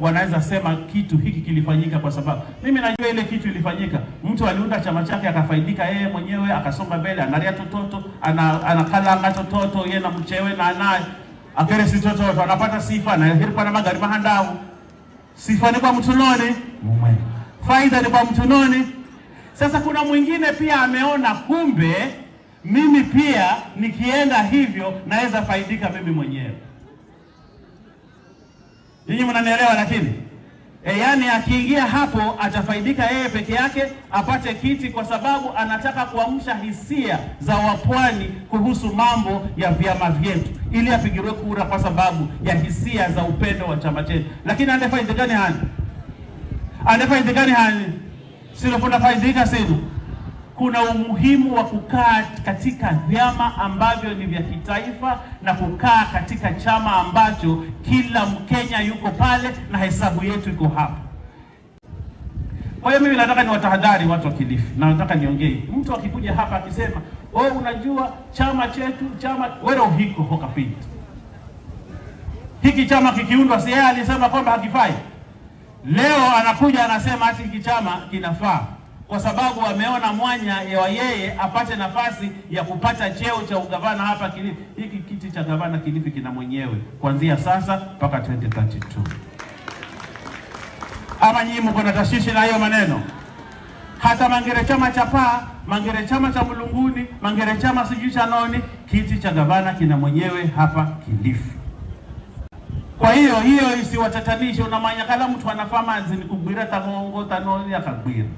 wanaweza sema kitu hiki kilifanyika kwa sababu mimi najua ile kitu ilifanyika. Mtu aliunda chama chake akafaidika yeye mwenyewe, akasonga mbele, anaria tototo, anakalanga tototo yeye na mchewe na naye akeresi tototo, anapata sifa na hirpa na magari mahandao. Sifa ni kwa noni, faida ni kwa mtunoni. Sasa kuna mwingine pia ameona kumbe mimi pia nikienda hivyo naweza faidika mimi mwenyewe. Ninyi mnanielewa? Lakini e, yani akiingia hapo atafaidika yeye peke yake, apate kiti, kwa sababu anataka kuamsha hisia za wapwani kuhusu mambo ya vyama vyetu, ili apigirwe kura kwa sababu ya hisia za upendo wa chama chetu. Lakini anafaidika gani? Hani anafaidika gani? Hani sio, kuna faidika sio kuna umuhimu wa kukaa katika vyama ambavyo ni vya kitaifa na kukaa katika chama ambacho kila Mkenya yuko pale na hesabu yetu iko hapa. Kwa hiyo mimi nataka niwatahadhari watu wa Kilifi, na nataka niongee, mtu akikuja hapa akisema oh, unajua chama chetu chama wera uhiko hokapita hiki chama kikiundwa, si yeye alisema kwamba hakifai? Leo anakuja anasema hati hiki chama kinafaa kwa sababu wameona mwanya wa yeye apate nafasi ya kupata cheo cha ugavana hapa Kilifi. Hiki kiti cha gavana Kilifi kina mwenyewe kuanzia sasa mpaka 2032. Ama nyinyi mko na tashishi na hayo maneno? Hata Mangere chama cha paa, Mangere chama cha Mlunguni, Mangere chama sijui cha noni, kiti cha gavana kina mwenyewe hapa Kilifi. Kwa hiyo hiyo isiwatatanishe, kala mtu anafama azini kugwira tangongo tanoni akagwira